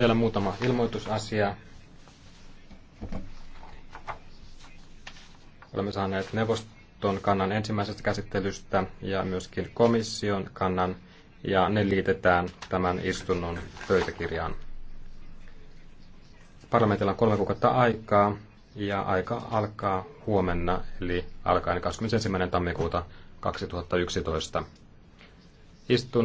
Vielä muutama ilmoitusasia. Olemme saaneet neuvoston kannan ensimmäisestä käsittelystä ja myöskin komission kannan, ja ne liitetään tämän istunnon pöytäkirjaan. Parlamentilla on kolme kuukautta aikaa, ja aika alkaa huomenna, eli alkaen 21. tammikuuta 2011. Istun